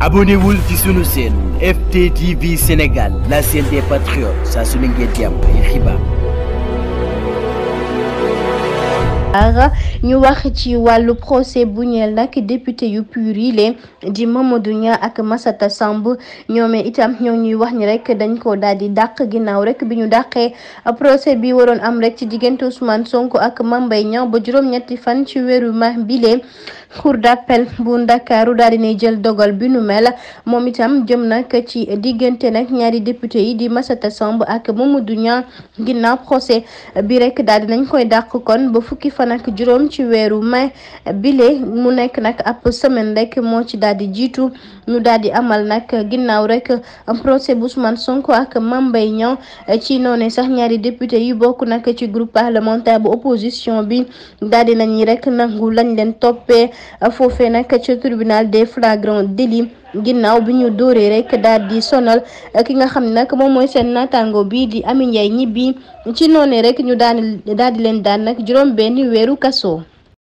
abonnez-vous ci sunu chaîne FTTV Sénégal la chaîne des patriotes saa su ne ngeen di am ay xibaar. ñu wax ci walu procès bu ñel nak député yu purilé di Mamadou Niang ak Massata Samb ñoom itam ñoo ñuy wax ni rek dañ ko daal dakk dàq rek biñu daxé procès bi waron am rek ci diggante Ousmane Sonko ak Mambay Niang ba juroom ñetti fan ci weeru ma bilee cour d'appel bu ndakaaru daal dinay jël dogal bi nu mel moom itam jëm nag ci diggante nag ñaari député yi di Massata Samb ak Mamadou Niang ginnaaw procès bi rek daal nañ koy dàq kon ba fukki fan ak juróom ci weeru may bile mu nekk nag ab semaine rek moo ci daal di jiitu ñu daal di amal nag ginnaaw rek procès bu Ousmane Sonko ak Mame Mbaye Niang ci noone sax ñaari député yi bokk nag ci groupe parlementaire bu opposition bi daal dinañu rek nangu lañ leen toppee foofe nag ci tribunal des flagrants délits ginnaaw bi ñu dóoree rek daal di sonal ki nga xam nag moom mooy seen naataango bii di Amy Ndiaye ñibbi ci noonee rek ñu daan daal di leen daan nag juróom benn weeru kaso.